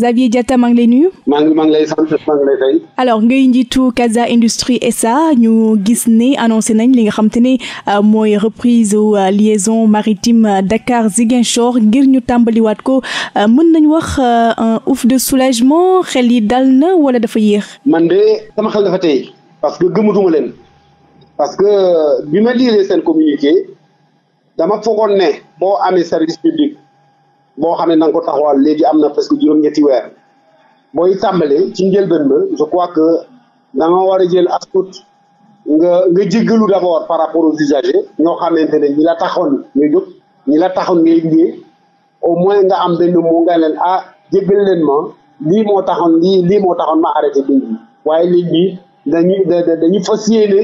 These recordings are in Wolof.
Xavier Diatta maa ngi lay nuyu. maa ngi maa ngi lay sant maa ngi lay alors ngay njiitu Casa Industrie SA ñu gis ni annoncé nañ li nga xam te ne euh, mooy reprise euh, liaison maritime Dakar Ziguinchor ngir ñu tàmbaliwaat ko euh, mën nañ wax un ouf de soulagement xel yi dal na wala dafa yéex. man de sama xel dafa tey parce que gëmatuma leen parce que bi ma liiree seen communiqué dama foogoon ne boo amee service public. boo xam ne na ko taxawal léegi am na parce que juróom-ñetti weer booy tàmbale ci njëlbeen ba je crois que da nga war a jël askut nga nga jéggalu d' abord par rapport aux usagers ñoo xamante ne ñi la taxoon ngay jóg ñi la taxoon ngay liggéey au moins nga am benn moo nga leen ah jéggal leen ma lii moo taxoon lii lii moo taxoon ma arrêté béy bi waaye léegi dañuy dañuy fas yéene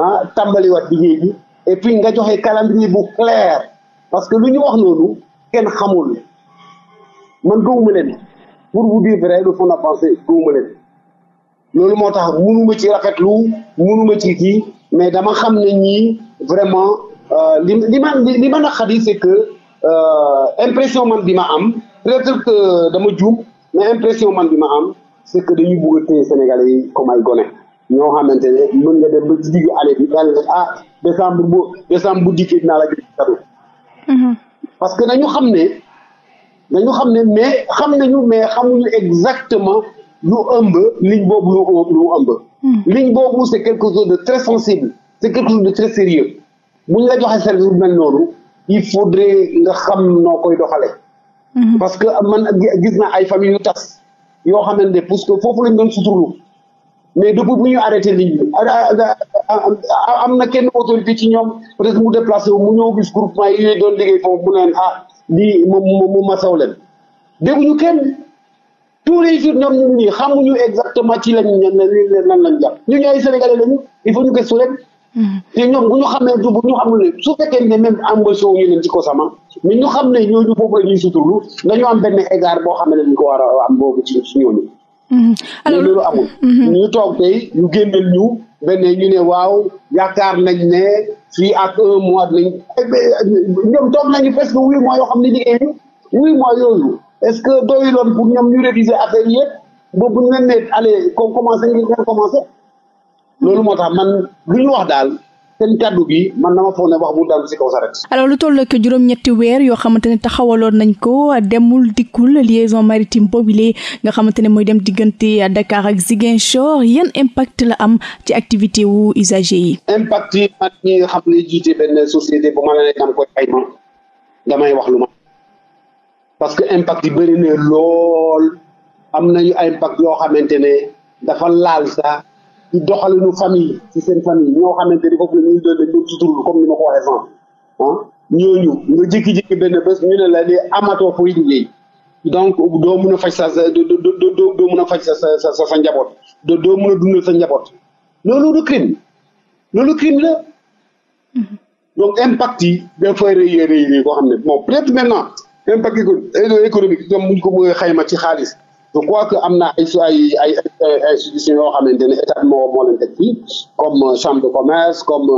ah tàmbaliwaat liggéey bi et puis nga joxe calendrier bu clair parce que lu ñu wax noonu. kenn xamul man gëwuma leen pour vous dire vrai le fond de la pensée leen loolu moo tax mënuma ci rafetlu mënuma ci kii mais dama xam ne ñii vraiment euh, li li ma li ma naqari c'est que euh, impression man bi ma am peut que dama juum mais impression man bi ma am c'est que dañu bëgg a téye yi comme ay gone ñoo xamante ne mën nga dem ba ci digg allé bi daal ah décembre bu décembre bu dikkee dinaa la gën a parce que nañu xam ne nañu xam ne mais xam nañu mais xamuñu exactement lu ëmb ligne boobu lu lu ëmb. Hmm. ligne boobu c' est quelque chose de très sensible c' est quelque chose de très sérieux bu ñu la joxee service bu mel noonu il faudrait nga xam noo koy doxale hmm. parce que man gis na ay famille yu tas yoo xamante ne parce que foofu lañ doon suturlu mais depuis bu ñu arrêté ligne bi am na kenn autorité ci ñoom peut être mu déplacé wu mu ñëw gis groupement yi doon liggéey foofu mu neen ah lii moom mu masaw leen dégguñu kenn tous les jours ñoom ñu ngi nii xamuñu exactement ci lañ ñu ne lan lañ jàpp ñu ñooy sénégalais lañu il faut ñu gëstu rek. Hmm. te ñoom bu ñu xamee du bu ñu xamul ne su fekkee ne même embauché wu ñu leen ci Kosama mais ñu xam ne ñooñu foofu la ñuy suturlu dañu am benn égard boo xam ne dañ ko war a am boobu ci ñooñu. Hmm. alors loolu amul. Hmm. ñu toog tey ñu génneel ñu. beneen ñu ne waaw yaakaar nañ ne fii ak un mois dinañ eh, ñoom toog nañu presque huit mois yoo xam ne liggéeyuñu huit mois yooyu est-ce que doyu loon pour ñoom ñu réviser affaire yi boobu ñu leen ne allez ko commencé ngeen commencé loolu moo tax man lu ñu wax daal seen kàddu gi man dama foog ne wax si kaw saret alors lu toll ak juróom-ñetti weer yoo xamante ne taxawaloon nañ ko demul dikkul liaison maritime boobule nga xamante ne mooy dem diggante Dakar ak Ziguinchor yan impact la am ci activité wu usager yi. impact yi man ñi nga xam ne jiite la ne dama koy xayma damay wax lu ma parce que impact yi bëri na lool am nañu impact yoo xamante ne dafa laal sax. ci doxalinu famille ci seen famille ñoo xamante ni foofu la ñuy doon dañ doon suturlu comme ni ma ko waxee sànq ah. ñooñu nga jékki-jékki benn bés ñu ne la de amatoo fooy liggéey donc doo mun a sa sa doo mun a faj sa sa sa njaboot doo doo mun a dund sa njaboot loolu du crime loolu crime la mm-hmm. donc impact yi dafay rëy rëy rëy koo xam ne bon peut-être maintenant impact économique itam buñ ko bëggee xayma ci xaalis je crois que am na ay si ay ay institutions yoo xamante ne état moo moo leen teg fii comme euh, chambre de commerce comme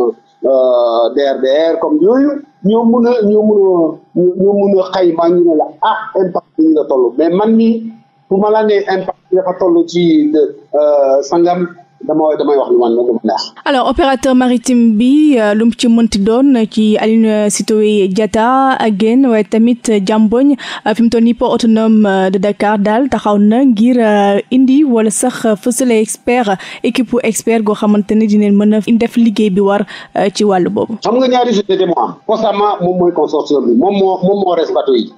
euh, DRDR comme yooyu ñoo mun a ñoo mun a xayma ñu ne la ah impact bi ñu la toll mais man mii pour ma la nee impact bi dafa toll ci euh, sangam. damay wax lu man lu ma neex. alors opérateur maritime bi euh, lu ci mënti doon ci Aline euh, Sitoé Diatta ak Guène waaye tamit jàmboñ euh, fi mu toll nii port autonome de Dakar daal taxaw na ngir indi wala sax fësale expert équipe bu expert goo xamante ne dinañ mën a def liggéey bi war ci wàllu boobu. xam nga ñaari société moo moom mooy consortium bi moom moo moom yi.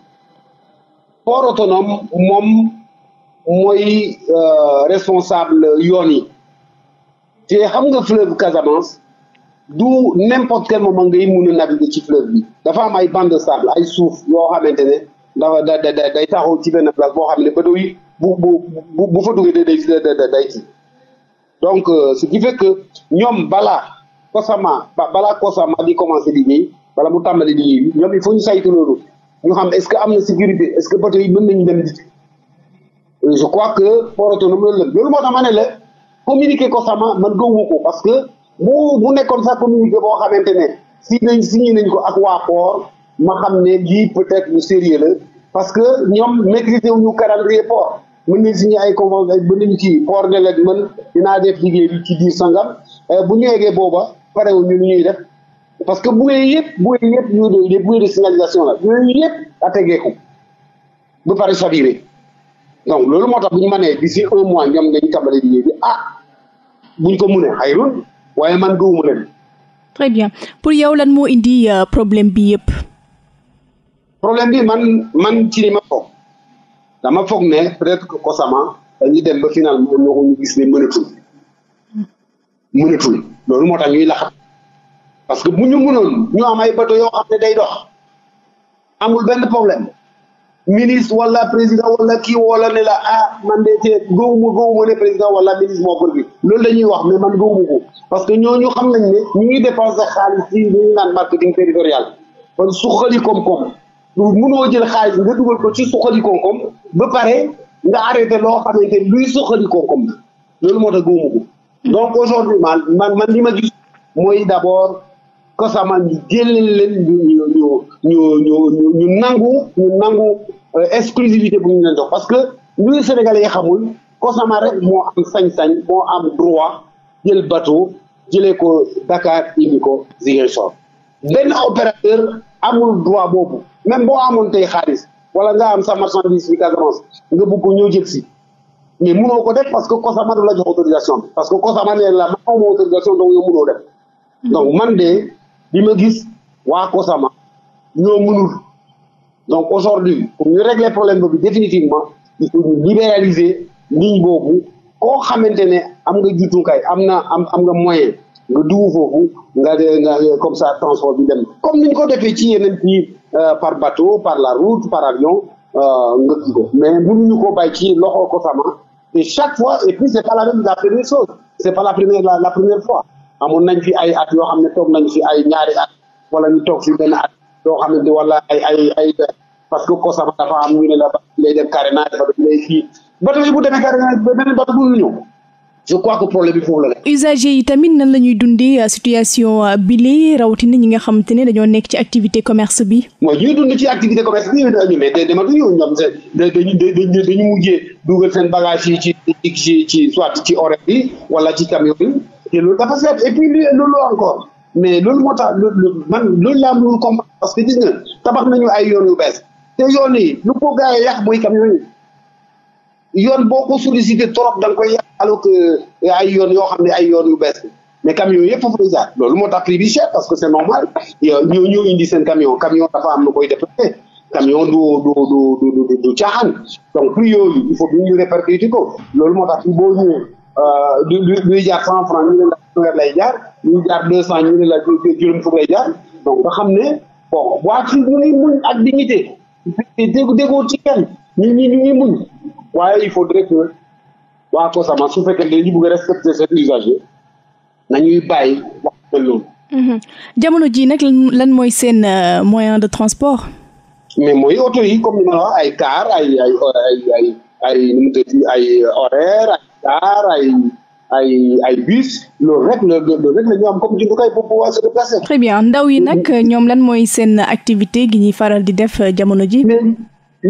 port autonome moom mooy responsable yoon yi. te xam nga fleuve Casamance du n'importe quel moment ngay mun a naviguer ci fleuve bi dafa am ay bancs de sable ay suuf yoo xamante ne da da day taxaw ci benn place boo xam ne ba doy bu bu bu fa duggee day day day donc euh, ce qui fait que ñoom balaa Kosama balaa Kosama di commencer liggéey bala mu tàmbali liggéey ñoom il faut ñu saytu loolu ñu xam est-ce que am na sécurité est-ce que bateau yi mën nañu dem je crois que port autonome loolu la loolu moo tax ma la communiquer ko sama man gëwuma ko parce que bu bu nekkoon sax communiqué boo xamante ne si nañ signé nañ ko ak waa port ma xam ne lii peut-être lu sérieux la parce que ñoom maîtriser wuñu calendrier port mën nañ signé ay convention ba nañ ci port ne leen man dinaa def liggéey bi ci diir sangam euh, bu ñu booba pare wu ñu lu ñuy def parce que buee yëpp buee yëpp yooyu de buee de signalisation la yooyu yëpp a tegeeku bu pare saturé donc loolu moo tax bu ñu mënee d'ici un mois ñoom dañ tàmbali liggéey bi ah buñ ko mun munee xayrun waaye man duumu leen. très bien pour yow lan moo indi euh, problème bi yëpp. problème bi man man ci li ma foog dama foog ne peut-être sama Kosama dañuy dem ba moo ñoo ñu gis ne mënatul mënatul loolu moo tax ñuy laxat parce que bu ñu mënoon ñu am ay bateau yoo xam ne day dox amul benn problème ministre wala président wala kii wala ne la ah man de tey gëwuma gëwuma ne président wala ministre moo bëri loolu dañuy wax mais man gëwuma ko parce que ñoo ñu xam nañ ne ñu ngi dépensé xaalis yi ñu ngi naan marketing territorial kon suqali koom-koom mënoo jël xaalis nga dugal ko ci suqali koom ba pare nga arrêté loo xamante luy suqali koom-koom loolu moo tax gëwuma ko donc aujourd'hui man man man ma gis mooy d'abord Kosamaan ñu jëlee leen ñu ñu ñu ñu ñu nangu ñu nangu. Euh, exclusivité bu ñu leen jox parce que ñun Sénégalais yi xamul Kosama rek moo am sañ-sañ moo am droit jël bateau jële ko Dakar indi ko Ziguinchor benn opérateur amul droit boobu même boo amoon tey xaalis wala nga am sax marchandise bi Casamance nga bëgg ñëw jël si mais munoo ko def parce que Kosama du la jox autorisation parce que Kosama ne la ma amoo autorisation donc yow mënoo def hmm. donc man de bi ma gis waa Kosama ñoo mënul. donc aujourd'hui pour ñu régler problème boobu définitivement il faut ñu libéraliser ligne boobu koo xamante ne am nga jitukaay am na am am nga moyen nga dugg foofu nga nga comme ça transport bi dem comme ni ñu ko defee ci yeneen ci euh, par bateau par la route par avion euh, nga kii ko mais mënuñu ko bàyyi ci loxo ko sama et chaque fois et puis c'est pas la même la première chose c'est pas la première fois amoon nañ fi ay at yoo xam ne toog nañ fi ay ñaari at wala ñu toog fi benn loo xamante wala ay ay ay parce que COSAFA dafa am ñu ne la ba lay dem carénage ba lay kii ba tey bu demee carénage ba beneen bato bu ñëw je crois que problème bi foofu la nekk. yi tamit na la ñuy dundee euh, situation euh, bile rawatina ñi nga xamante ne dañoo nekk ci activité commerce bi. mooy ñuy dund ci activité commerce bi ñu mais day dematuñu ñoom dañu dañu dañu mujjee dugal seen bagage yi ci ci ci soit ci horaire yi wala ci camion yi te loolu dafa seet et puis loolu encore. mais loolu moo tax man loolu laa mënul comprendre parce que gis nga tabax nañu ay yoon yu bees te yoon yi lu ko gars yi yàq mooy camion yi yoon boo ko sollicité trop da nga koy yàq aloo que ay yoon yoo xam ne ay yoon yu bees mais camion yëpp foofu lay jaar loolu moo tax prix bi parce que c'est normal yow ñoo ñoo indi seen camion camion dafa am lu koy déplacé camion du du du du du caaxaan donc prix yooyu il faut que ñu répercuter ko loolu moo tax boo ñëwee. Euh, du du luy jaar cent franc ñu ne la lay jaar luy jaar deux cent ñu ne la juróom fukk lay jaar donc nga xam ne bon waa ci ñu ngi muñ ak dignité dégg déggoo ci kenn ñu ñu ñu ngi muñ waaye il faudrait que waa Casamance su fekkee dañu bëgg a respecter seen usager nañuy bàyyi wax mel loolu. Mhm. jamono ji nag lan mooy seen euh, moyen de transport. mais mooy oto yi comme ni ma ay car ay horaire. car ay ay ay bus loolu rek la loolu rek la ñu am comme jumtukaay yi nag ñoom lan mooy seen activité gi ñuy faral di def euh, jamono ji.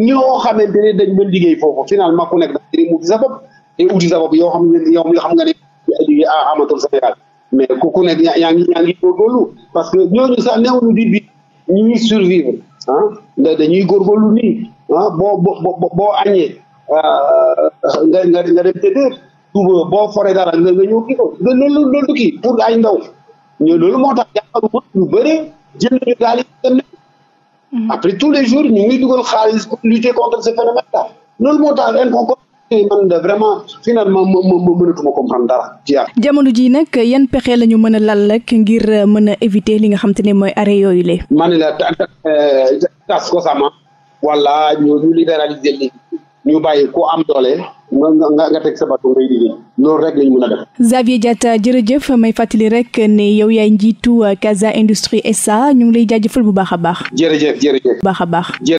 ñoo xamante ne dañ doon liggéey foofu finalement ku nekk da sa bopp yoo xam ne yow xam nga ne ah, amatul mais yaa ngi yaa ngi góorgóorlu parce que ñooñu sax néew di bi ñu ngi survivre ah dañuy góorgóorlu nii ah boo boo boo añee ah, nga nga nga dem tëddee suba boo foree dara nga nga ñëw kii ko loolu loolu du pour ay ndaw ñu loolu moo tax jàppalu ko ñu bëri jël nañu gaal yi mhm. après tous les jours ñu ngi dugal xaalis pour lutter contre ce phénomène là loolu moo tax ren ko man de vraiment finalement ma mënatuma comprendre dara ci ji nag yan pexe la ñu mën a lal rek ngir mën a éviter li nga xam te ne mooy arrêt yooyu la. ma ne la euh, tas ko ñu bàyyi ku am doole nga nga nga teg sa a Xavier Diatta jërëjëf may fàttali rek ne yow yaay njiitu euh, Casa Industrie SA ñu ngi lay jaajëfal bu baax a baax.